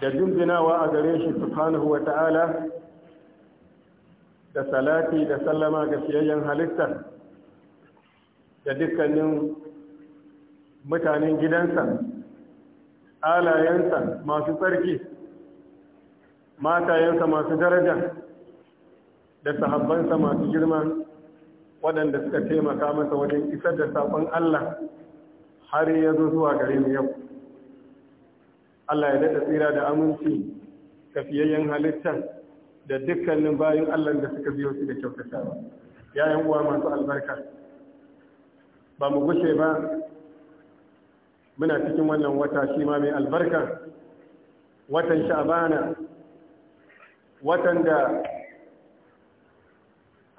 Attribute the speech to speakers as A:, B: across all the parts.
A: da jimbinawa a gare shi subhanahu wa ta'ala da salati da sallama ga siyayyen halitta da dukkanin mutanen gidansa alayensa masu tsarki matayensa masu daraja da sahabbansa masu girma waɗanda suka taimaka masa wajen isar da saƙon Allah har ya zo zuwa gare mu yau Allah ya daɗa tsira da aminci kafiyayyen halittar da dukkanin bayan Allah da suka biyo su da kyautatawa yayan uwa masu albarka ba mu gushe ba muna cikin wannan wata shi ma mai albarka watan sha'bana watan da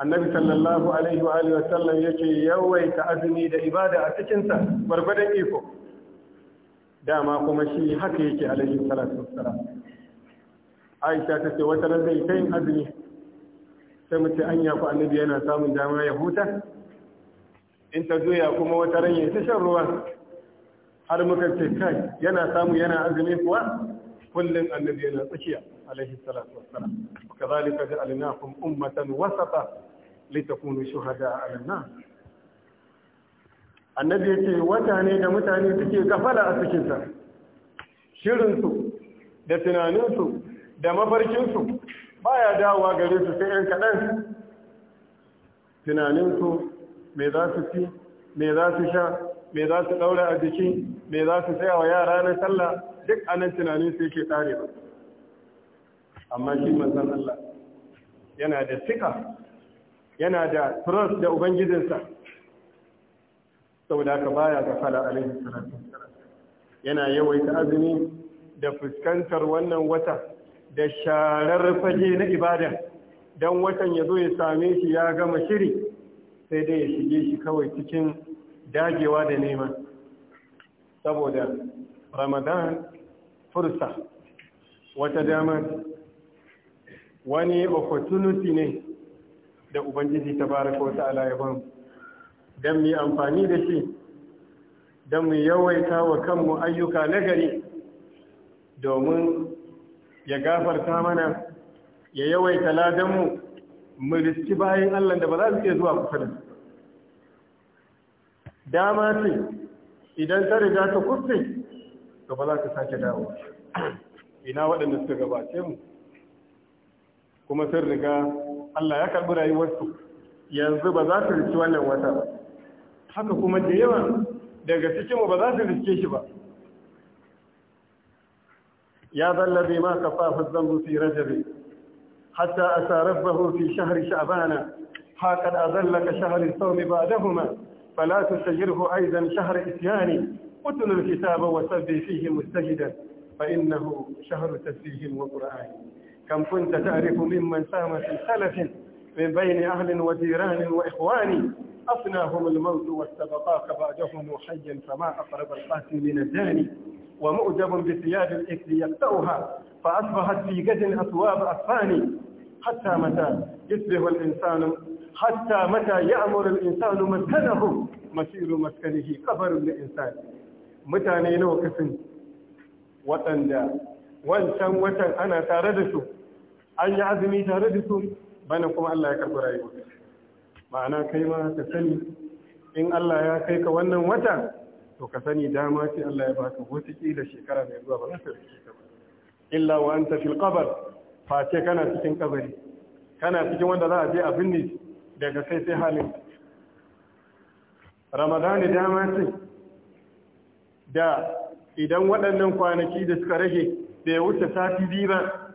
A: annabi sallallahu alaihi wa alihi wasallam yake yawaita azumi da ibada a cikin sa barbadan iko dama kuma shi haka yake alaihi salatu wassalam aisha ta ce wata ran zai ta azumi sai mace anya yaku annabi yana samun dama ya huta in ta zo ya kuma wata ran ya ta shan ruwa har muka ce kai yana samu yana azumi kuwa kullum annabi yana tsakiya alaihi salatu wassalam kazalika ja'alnakum ummatan wasata litakunu shuhada 'ala an-nas annabi yace wata ne da mutane suke gafala a cikin sa shirin su da tunanin su da mafarkin su baya dawowa gare su sai ɗan kaɗan tunanin su me za su ci me za su sha me za su ɗaura a jiki me za su tsaya wa yara na sallah duk anan tunanin su yake ƙarewa amma shi manzan Allah yana da sika yana da trust da ubangijinsa da haka baya ga fala alaihi salatu yana yawaita azumi da fuskantar wannan wata da sharar fage na ibada don watan ya zo ya same shi ya gama shiri sai dai ya shige shi kawai cikin dagewa da nema saboda ramadan fursa wata dama wani opportunity ne da ubangiji ta baraka wata alayaban don mu amfani da shi don mu yawaita wa kanmu ayyuka nagari domin ya gafarta mana ya yawaita ladanmu mu riski bayan allah da ba za su iya zuwa kusa da su dama ce idan ta riga ta kusa to ba za ka sake dawo ina waɗanda suka gabace mu kuma sun riga Allah ya karɓi rayuwarsu yanzu ba za su riski wannan wata ba haka kuma da yawa daga cikinmu ba za su riske shi ba ya zallabe ma kafa fazzan fi rajabi hatta asarafahu fi shahri sha'bana faqad azallaka shahri sawmi huma fala tusajirhu aidan shahri isyani utlu kitaba wa sabbi fihi mustahida fa innahu shahru tasbihim wa qur'ani كم كنت تعرف ممن سام في سلف من بين أهل وجيران وإخواني أفناهم الموت واستبقاك بعدهم حيا فما أقرب القاتل الداني ومؤدب بثياب الإكل يقطعها فأصبحت في قد أثواب أطفاني حتى متى يسبه الإنسان حتى متى يأمر الإنسان مسكنه مسير مسكنه قبر للإنسان متى نيلو كسن وطن دا وانسان وطن أنا تاردسو an yi azumi tare da su bane kuma Allah ya karɓi rayuwa ma'ana kai ma ka sani in Allah ya kai ka wannan wata to ka sani dama ce Allah ya baka wata kila shekara mai zuwa ba za ta rike ka ba illa wa anta fil qabr fa ce kana cikin kabari kana cikin wanda za a je a binne daga kai sai halin ramadani dama ce da idan waɗannan kwanaki da suka rage bai wuce sati biyu ba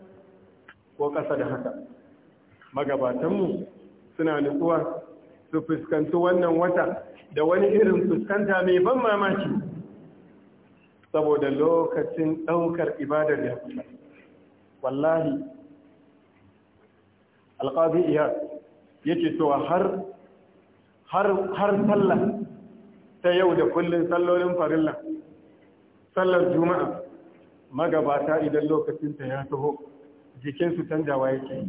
A: ko ƙasa da haka magabatanmu suna nutsuwa su fuskanci wannan wata da wani irin fuskanta mai ban mamaki saboda lokacin ɗaukar ibadar ya kusa wallahi alƙazi iya yake cewa har har sallah ta yau da kullum sallolin farilla sallar juma'a magabata idan lokacinta ya taho jikinsu canjawa yake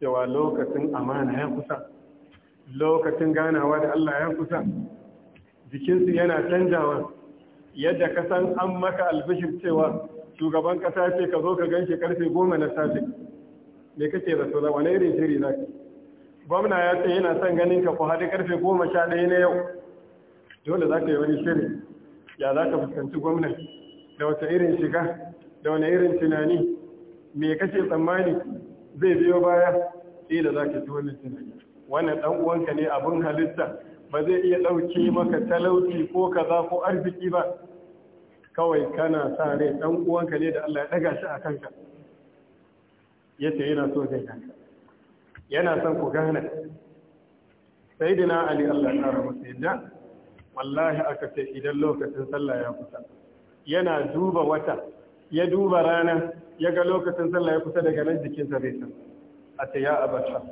A: cewa lokacin amana ya kusa lokacin ganawa da Allah ya kusa jikinsu yana canjawa yadda ka san an maka albishir cewa shugaban kasa ce ka zo ka gan shi karfe goma na safe me kake da sauran wani irin shiri za ka gwamna ya ce yana son ganin ka ku haɗu karfe goma sha ɗaya na yau dole za ka yi wani shiri ya za ka fuskanci gwamna da wata irin shiga da wani irin tunani me kake tsammani zai biyo baya kila za ka ji wani tunani wannan dan uwanka ne abin halitta ba zai iya ɗauki maka talauci ko kaza ko arziki ba kawai kana sa rai dan uwanka ne da Allah ya daga shi a kanka yace yana so zai ganka yana son ku gane sayyidina ali Allah ya kara masa yadda wallahi aka ce idan lokacin sallah ya kusa yana duba wata ya duba rana ya ga lokacin sallah ya kusa daga nan jikinsa zai san a ce ya abata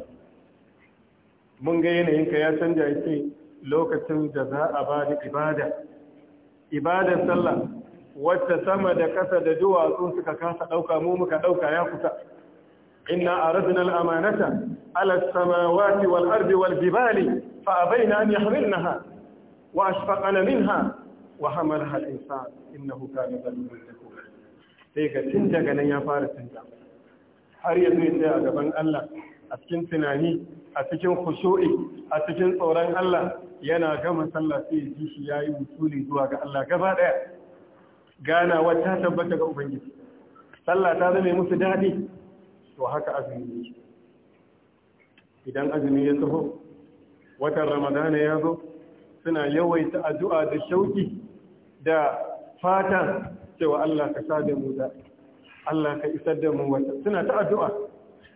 A: mun ga yanayinka ya canja ya ce lokacin da za a ba da ibada ibadar sallah wacce sama da kasa da duwatsu suka kasa ɗauka mu muka ɗauka ya kusa inna aradna al-amanata ala as-samawati wal ardi wal jibali fa abayna an yahmilnaha wa ashfaqna minha wa hamalaha al-insan innahu kana zaluman sai ka tun daga nan ya fara tunta har yanzu ya tsaya a gaban Allah a cikin tunani a cikin khushu'i a cikin tsoron Allah yana gama sallah sai ya ji shi yayi wusuli zuwa ga Allah gaba daya gana wata tabbata ga ubangiji sallah ta zame musu dadi to haka azumi idan azumi ya taho watan ramadana ya zo suna yawaita addu'a da shauki da fatan. cewa Allah ka sa da mu da Allah ka isar da mu wata suna ta addu'a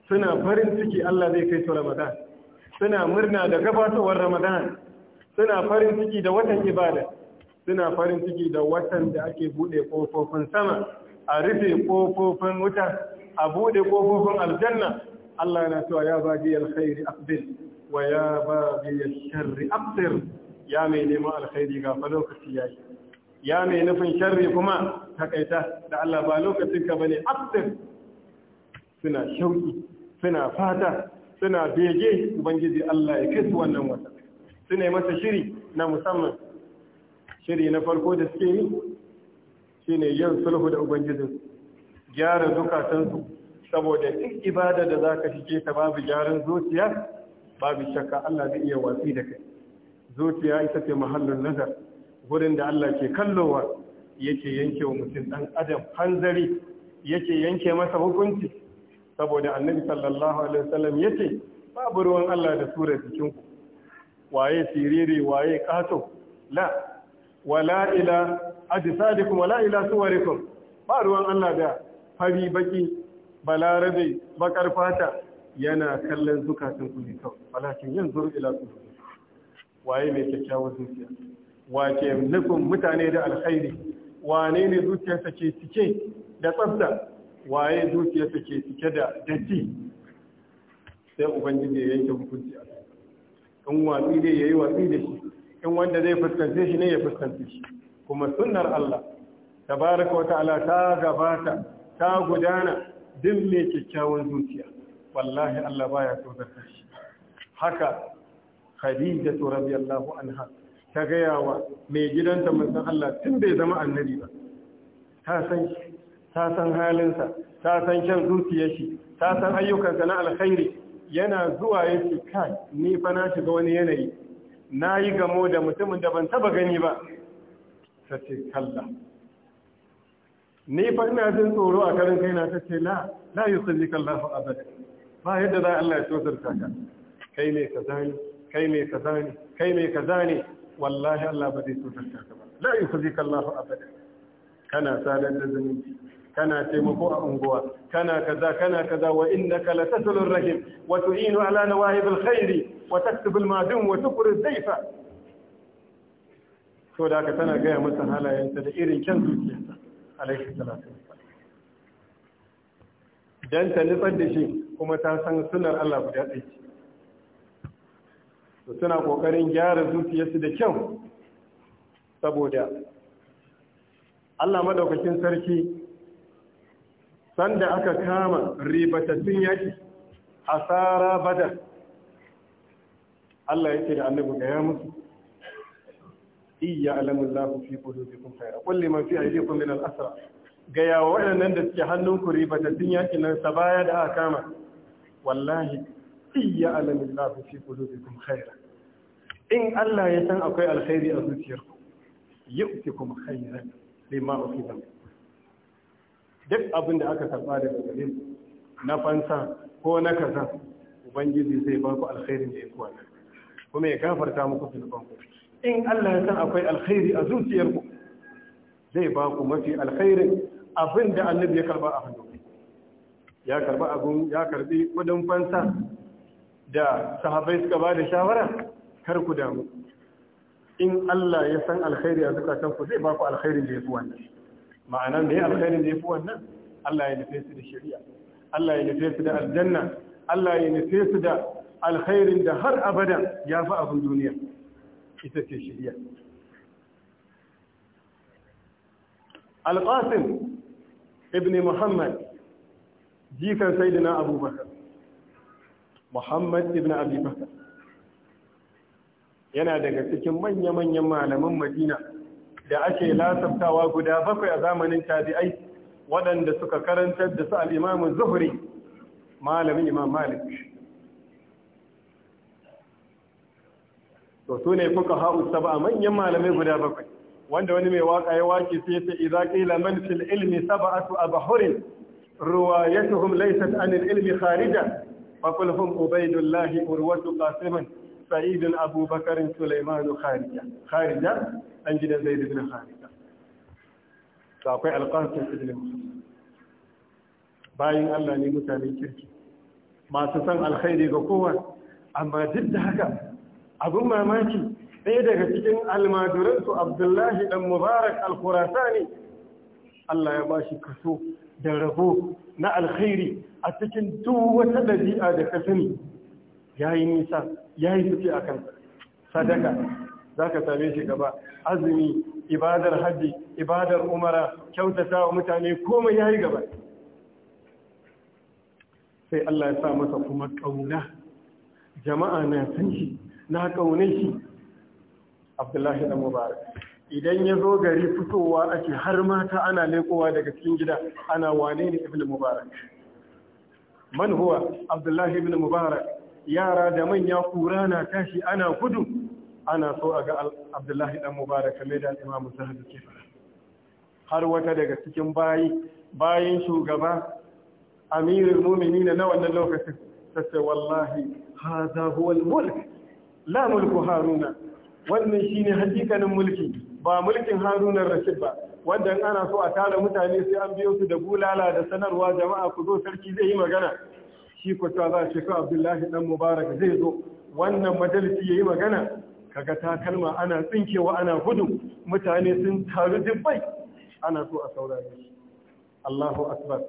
A: suna farin ciki Allah zai kai su Ramadan suna murna da gabatowar Ramadan suna farin ciki da watan ibada suna farin ciki da watan da ake bude kofofin sama a rufe kofofin wuta a bude kofofin aljanna Allah yana cewa ya baji alkhairi aqbil wa ya baji sharri aqtir ya mai neman alkhairi ga fa lokaci yayi
B: ya mai nufin sharri kuma
A: takaita da Allah ba lokacin ka bane abdin suna shauki suna fata suna bege ubangiji Allah ya kai wannan wata suna yi masa shiri na musamman shiri na farko da suke yi shi ne yin sulhu da ubangijin gyara zukatansu saboda in ibada da zaka shige ta babu gyaran zuciya babu shakka Allah zai iya watsi da kai zuciya ita ce mahallin nazar gurin da Allah ke kallowa yake yanke wa mutum ɗan adam hanzari yake yanke masa hukunci saboda annabi sallallahu alaihi wasallam yace babu ruwan Allah da sura cikin ku waye siriri waye kato la wala ila ajsadikum wala ila suwarikum ba ruwan Allah da fari baki balarabe bakar fata yana kallon zukatun ku ne kawai walakin yanzu ila su waye mai kyakkyawar zuciya wake nufin mutane da alkhairi wane ne zuciyarsa ke cike da tsabta? waye zuciyarsa ke cike da datti sai ubangiji ya yanke hukunci a in watsi ne ya yi watsi da shi in wanda zai fuskance shi ne ya fuskance shi kuma sunnar Allah tabaraka wa ta'ala ta gabata ta gudana duk mai kyakkyawan zuciya wallahi Allah baya so zarta shi haka khadijatu radiyallahu anha ta gaya wa mai gidanta manzan Allah tun bai zama annabi ba ta san ta san halinsa ta san kyan zuciyar shi ta san ayyukansa na alkhairi yana zuwa ce kai ni fa na shiga wani yanayi na yi gamo da mutumin da ban taba gani ba ta ce kalla ni fa ina jin tsoro a karin kaina ta ce la la yusallika Allahu abada ba yadda za Allah ya tsosarta ka kai ne kaza ne kai ne kaza ne kai ne kaza ne wallahi Allah ba zai cutar da ka ba la yukhzika Allah abada kana sadar da zumunci kana taimako a unguwa kana kaza kana kaza wa innaka latasulur rahim wa tu'inu ala nawahib alkhairi wa taktub almadum wa tukri dhaifa to da haka tana gaya masa halayenta da irin kyan zuciyarsa alaihi salatu dan ta nufar da shi kuma ta san sunar Allah guda ɗaya suna kokarin gyara zuciyarsu da kyau saboda Allah madaukakin sarki sanda aka kama ribatattun yaki asara bada. Allah yake da annabi ga ya musu iya alamun lafi fi qulubikum khayra kulli man fi aydikum min al-asra ga ya waɗannan da suke hannun ku ribatattun yaki nan sabaya da aka kama wallahi iya alamun lafi fi qulubikum khayra in Allah ya san akwai alkhairi a zuciyarku yu'tikum khayran lima ukhidha duk abin da aka karba daga gare mu na fansa ko na kaza ubangiji zai ba ku alkhairin da ya kuwa kuma ya gafarta muku zunuban ku in Allah ya san akwai alkhairi a zuciyarku zai ba ku mafi alkhairin abin da annabi ya karba a hannu ya karba abun ya karbi kudin fansa da sahabbai suka ba da shawara kar ku damu in Allah ya san alkhairi a zukatan ku zai ba ku alkhairin da ya fi wannan Ma'ana da ya alkhairin da ya fi wannan Allah ya nufe su da shari'a Allah ya nufe su da aljanna Allah ya nufe su da alkhairin da har abada ya fi abin duniya ita ce shari'a alƙasin ibn muhammad jikan saidina abubakar muhammad ibn abubakar yana daga cikin manya-manyan malaman madina da ake lasaftawa guda bakwai a zamanin tabi'ai waɗanda suka karantar da su al'imamun zuhuri malamin imam malik to su ne kuka ha'u saba manyan malamai guda bakwai wanda wani mai waka ya waki sai sai idza qila man fil ilmi sab'atu abhurin ruwayatuhum laysat anil ilmi kharija fa qul ubaydullah urwatu qasiman sa'idin abubakarin sulaimanu kharija an gidan zai dubin kharija to akwai alƙarfin ibn bayan allah ne mutane kirki masu san alkhairi ga kowa amma duk da haka abin mamaki ɗaya daga cikin almaduransu abdullahi ɗan mubarak alkurasa ne allah ya ba shi kaso da rabo na alkhairi a cikin duk wata ɗabi'a da ka sani ya yi nisa ya yi suke a kansa sadaka za ka same shi gaba azumi ibadar hajji ibadar umara kyautata wa mutane komai ya yi gaba sai Allah ya sa masa kuma ƙauna jama'a na san shi na ƙaune shi abdullahi da mubarak idan ya zo gari fitowa ake har mata ana lekowa daga cikin gida ana wane ne ibn mubarak man huwa abdullahi ibn mubarak yara da manya kura na tashi ana gudu ana so a ga abdullahi dan mubarak kame da imamu zahabi ke fara har wata daga cikin bayi bayin shugaba amirul mu'minin na wannan lokacin tace wallahi hadha huwa al-mulk la mulku haruna wannan shine hakikanin mulki ba mulkin harunar rashid ba wanda ana so a tara mutane sai an biyo su da bulala da sanarwa jama'a ku zo sarki zai yi magana shi ko ta za ce ka abdullahi dan mubarak zai zo wannan majalisi yi magana kaga takalma ana tsinkewa ana gudu mutane sun taru dubbai ana so a saurare shi Allahu akbar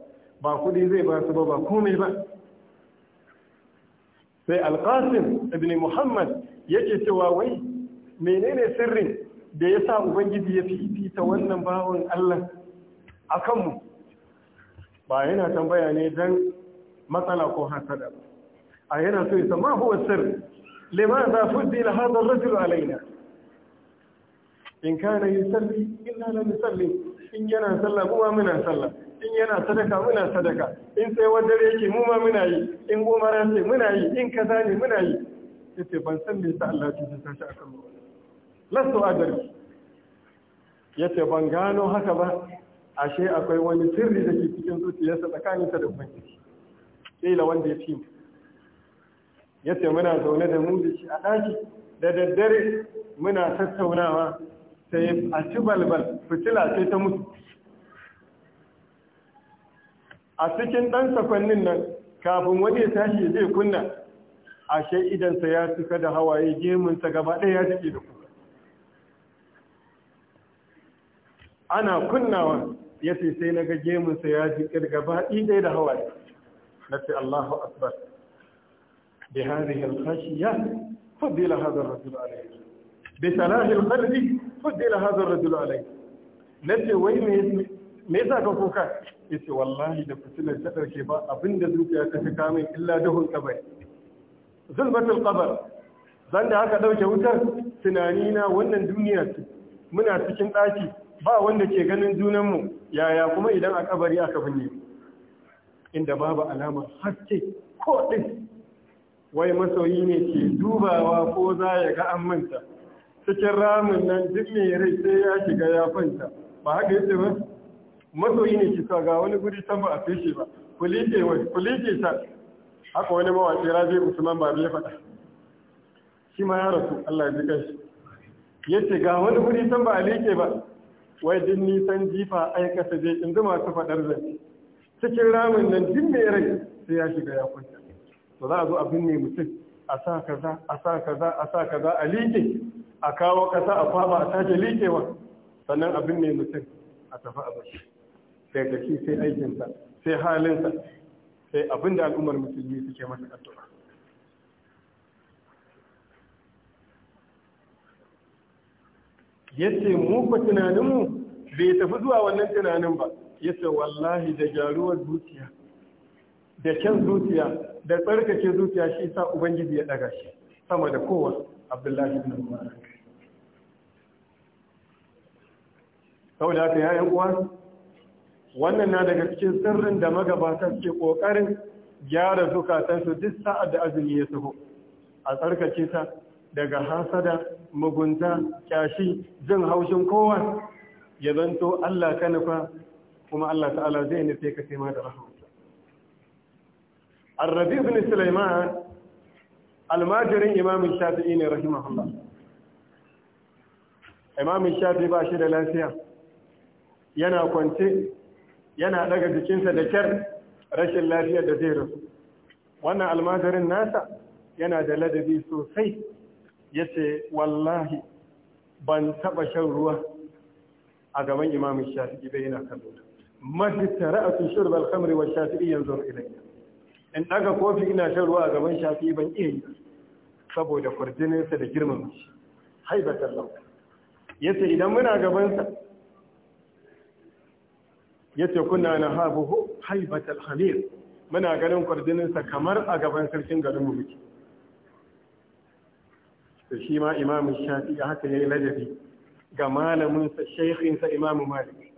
A: ba kudi zai ba su ba ba komai ba sai alqasim ibn muhammad yake cewa wai menene sirrin da yasa ubangiji ya fifita wannan bawon Allah akan mu ba yana tambaya ne dan matsala ko hasada a yana so yasa ma huwa sir limaza fuddila hadha ar-rajul alaina in kana yusalli illa lam yusalli in yana sallah kuma muna sallah in yana sadaka muna sadaka in sai wanda yake mu ma muna yi in goma ran sai muna yi in kaza ne muna yi yace ban san me yasa Allah ya tsaya shi akan mu lasu adari yace ban gano haka ba ashe akwai wani sirri da ke cikin zuciyarsa tsakaninsa da ubangiji la wanda ya fi ya ce muna zaune da mu da shi a ɗaki da daddare muna tattaunawa sai a ci balbal fitila sai ta mutu a cikin ɗan sakwannin nan kafin wani ya tashi zai kunna ashe idansa ya cika da hawaye gemunsa gaba ɗaya ya jiki da ku ana kunnawa ya ce sai na ga gemunsa ya jike gaba ɗaya da hawaye نفي الله أكبر بهذه الخشية فضل هذا الرجل عليه بسلاح القلب فضل هذا الرجل عليه نفي وين me yasa ka kuka yace wallahi da fitilar ta ɗauke ba abinda zuciya ta fi illa duhun kabai zulmatul zan da aka ɗauke wutar tunani na wannan duniya muna cikin ɗaki ba wanda ke ganin junanmu yaya kuma idan a kabari aka binne inda babu alamar haske ko ɗin wai masoyi ne ke dubawa ko za ya ga an manta cikin ramin nan duk ne rai sai ya shiga ya fanta. ba haka yace ba masoyi ne ki ga wani guri san ba a fishe ba kulike wai kulike ta haka wani mawaƙi rabi usman ba ya faɗa shi ma ya rasu Allah ya ji kai yace ga wani guri san ba a leke ba wai din nisan jifa ai kasa je in zuma su faɗar zai cikin ramin nan jin mai rai sai ya shiga ya kwanta to za a zo a binne mutum a sa kaza a sa kaza a sa kaza a liƙe a kawo ƙasa a kwaba a sake liƙewa sannan a binne mutum a tafi a bashi sai ga shi sai aikinsa sai halinsa sai abin da al'ummar musulmi suke masa addu'a yace mu ba tunaninmu bai tafi zuwa wannan tunanin ba yace wallahi da gyaruwar zuciya da kyan zuciya da tsarkake zuciya shi sa ubangiji ya daga shi sama da kowa abdullahi bin mubarak saboda haka yayan uwa wannan na daga cikin sirrin da magabata ke kokarin gyara zukatansu duk sa'ad da azumi ya taho a tsarkake ta daga hasada mugunta kyashi jin haushin kowa ya zanto Allah ka nufa kuma Allah ta'ala zai nufe ka kai ma da rahmatsa Ar-Rabi ibn Sulaiman almajirin Imam Shafi'i ne rahimahullah Imam Shafi'i ba shi da lafiya yana kwance yana daga jikinsa da kyar rashin lafiya da zai rasu wannan almajirin nasa yana da ladabi sosai ya ce wallahi ban taba shan ruwa a gaban imamin Shafi'i bai yana kallo mahtara'atu shurb al alhamri wa shafi'i yanzur ilayya in daga kofi ina shan ruwa a gaban shafi'i ban iya yi saboda kurjinin da girmama shi haibatan lahu yace idan muna gabansa sa yace kunna na habuhu haibatar hamir muna ganin kurjinin kamar a gaban sarkin garin mu muke to shi ma imamu shafi'i haka ya yi ladabi ga malaminsa shaikhinsa shaykhin sa imamu malik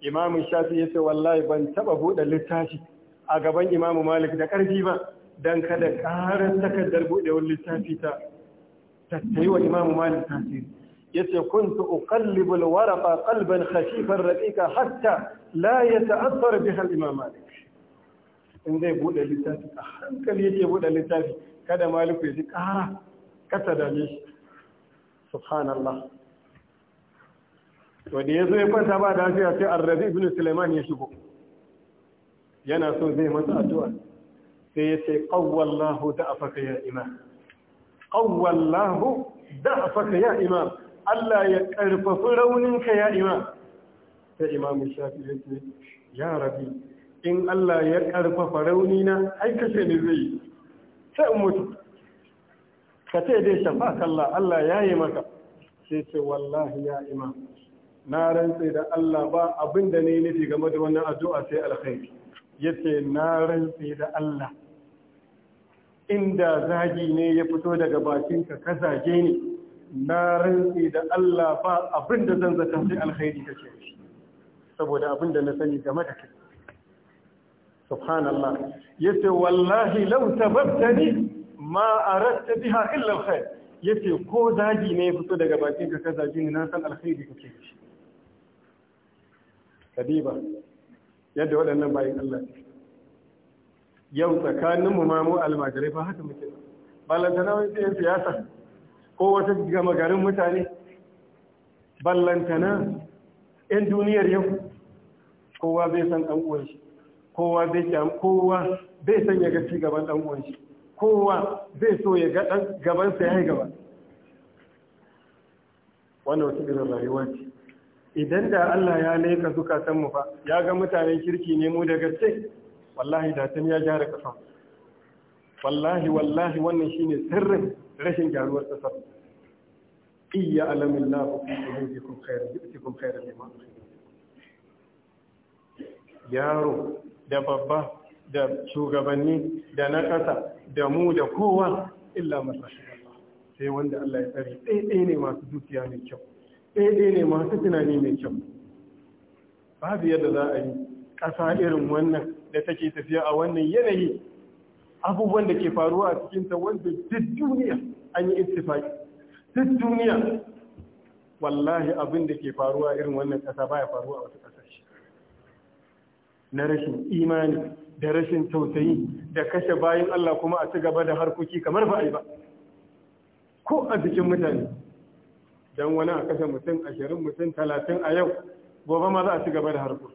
A: imamu shafi ya ce wallahi ban taba buɗe littafi a gaban imamu malik da ƙarfi ba don kada ƙarar takardar buɗewar littafi ta tattayi wa imamu malik tasiri ya ce kuntu uqallibul waraqa qalban khashifan raqiqa hatta la yata'athar biha al-imam malik in zai buɗe littafi a hankali yake buɗe littafi kada Malik ya ji ƙara kasa dame shi subhanallah wanda ya zo ya kwanta ba da hafiya sai arrabi ibn sulaiman ya shigo yana so zai masa addu'a sai ya ce qawwallahu da'afaka ya imam qawwallahu da'afaka ya imam Allah ya karfafi rauninka ya imam sai imam shafi ya ce ya rabi in Allah ya karfafa raunina ai kashe ni zai sai in mutu ka ce dai shafa Allah Allah ya yi maka sai ce wallahi ya imam na rantse da Allah ba abin da ne nufi game da wannan addu'a sai alkhairi yace na rantse da Allah inda zagi ne ya fito daga bakinka ka zage ni na rantse da Allah ba abin da zan zata sai alkhairi kace shi saboda abin da na sani game da kai subhanallah yace wallahi law tabattani ma aradta biha illa alkhair yace ko zagi ne ya fito daga bakinka ka zage ni na san alkhairi kace shi kadiba yadda waɗannan bayan Allah yau tsakanin mu ma mu almajirai fa haka muke ballantana wani tsayin siyasa ko wata gama garin mutane ballantana 'yan duniyar yau kowa bai san ɗan kowa bai kyan kowa bai san ya ga gaban ɗan kowa bai so ya ga gabansa ya ya gaba wannan wata irin rayuwa ce idan da Allah ya laika zukatan mu fa ya ga mutanen kirki ne mu da gaske wallahi da tun ya gyara kasan wallahi wallahi wannan shine sirrin rashin gyaruwar kasar iya alamin lahu fi qulubikum khairan yu'tikum khairan mimma yaro da babba da shugabanni da na kasa da mu da kowa illa man sai wanda Allah ya tsare ɗaiɗai ne masu dukiya mai kyau ɗaya ne masu tunani mai kyau babu yadda za a yi ƙasa irin wannan da take tafiya a wannan yanayi abubuwan da ke faruwa a cikinta wanda duk duniya an yi ittifaki duk duniya wallahi abin da ke faruwa irin wannan ƙasa baya faruwa a wata ƙasashe na rashin imani da rashin tausayi da kashe bayan Allah kuma a ci gaba da harkoki kamar ba a yi ba ko a jikin mutane don wani a kashe mutum ashirin mutum talatin a yau gobe ma za a ci gaba da harkar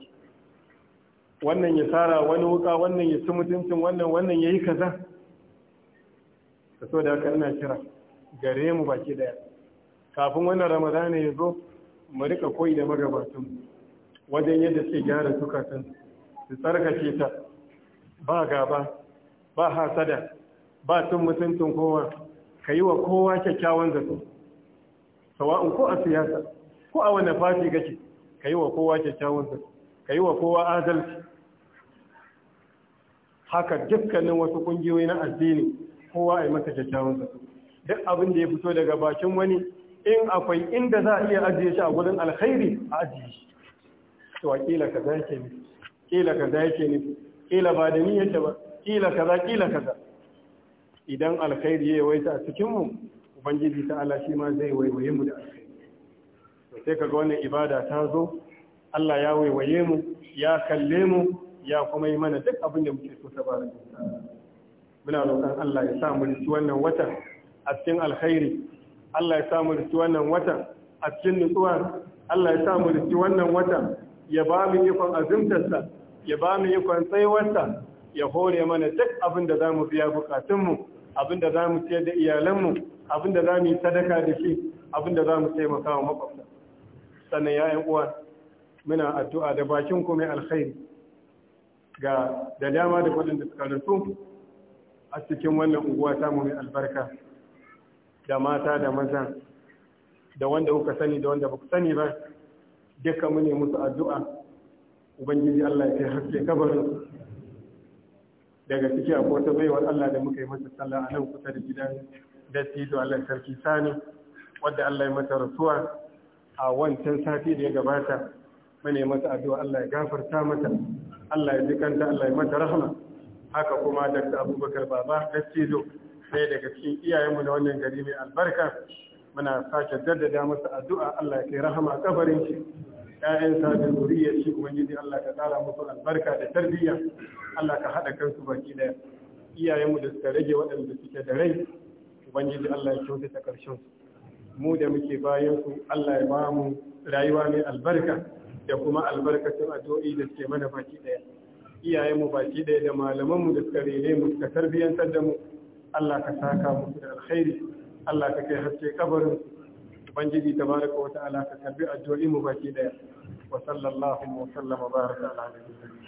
A: wannan ya tsara wani wuka wannan ya ci mutuncin wannan wannan ya yi kaza ka so da haka ina kira gare mu baki daya kafin wannan ramadana ya zo mu rika koyi da magabatun wajen yadda suke gyara zukatan su tsarkake ta ba gaba ba hasada ba tun mutuncin kowa ka yi wa kowa kyakkyawan zato sawa'un ko a siyasa ko a wani fati kake ka yi wa kowa kyakkyawunsa ka yi wa kowa adalci haka dukkanin wasu ƙungiyoyi na addini kowa a yi masa kyakkyawunsa duk abin da ya fito daga bakin wani in akwai inda za a iya ajiye shi a gudun alkhairi a ajiye shi to a ƙila ka zaike yake nufi ƙila ka zaike yake nufi ƙila ba da ni yake ba ƙila kaza ƙila kaza idan alkhairi ya yawaita a cikinmu ubangiji ta Allah shi ma zai waiwaye mu da alkhairi sai kaga wannan ibada ta zo Allah ya waiwaye mu ya kalle mu ya kuma yi mana duk abin da muke so ta bara muna roƙon Allah ya sa mu rufi wannan watan a cikin alkhairi Allah ya sa mu rufi wannan watan a cikin nutsuwa Allah ya sa mu rufi wannan watan ya ba mu ikon azumtarsa ya ba mu ikon tsayuwarsa ya hore mana duk abin da za mu biya bukatunmu abin da za mu ciyar da iyalanmu abinda za mu yi sadaka da shi abinda za mu taimaka wa makwabta sannan ya uwa muna addu'a da bakin ku mai alkhairi ga da dama da da suka rasu a cikin wannan unguwa ta mu mai albarka da mata da maza da wanda kuka sani da wanda baku sani ba duka mu ne musu addu'a ubangiji Allah ya kai haske kabarin daga ciki akwai wata baiwar Allah da muka yi masa sallah a nan kusa da gidan dattijo Allah sarki sani wadda Allah ya mata rasuwa a wancan sati da ya gabata mune masa addu'a Allah ya gafarta mata Allah ya jikanta Allah ya mata rahama haka kuma Dr. Abubakar Baba dattido. sai daga cikin iyayenmu na wannan gari mai albarka muna sake jaddada masa addu'a Allah ya kai rahama kabarin shi ƴaƴansa da zuriyar shi ubangiji Allah ka tsara musu albarka da tarbiyya Allah ka haɗa kansu baki ɗaya iyayenmu da suka rage waɗanda suke da rai ubangiji Allah ya kyautata karshen mu da muke bayan su Allah ya ba mu rayuwa mai albarka da kuma albarkacin addu'o'i da suke mana baki daya iyaye mu baki daya da malaman mu da suka rene mu suka tarbiyantar da mu Allah ka saka mu da alkhairi Allah ka kai haske kabarin ubangiji tabaraka wa ta'ala ka karbi addu'o'i mu baki daya wa sallallahu wa sallama baraka ala nabiyyina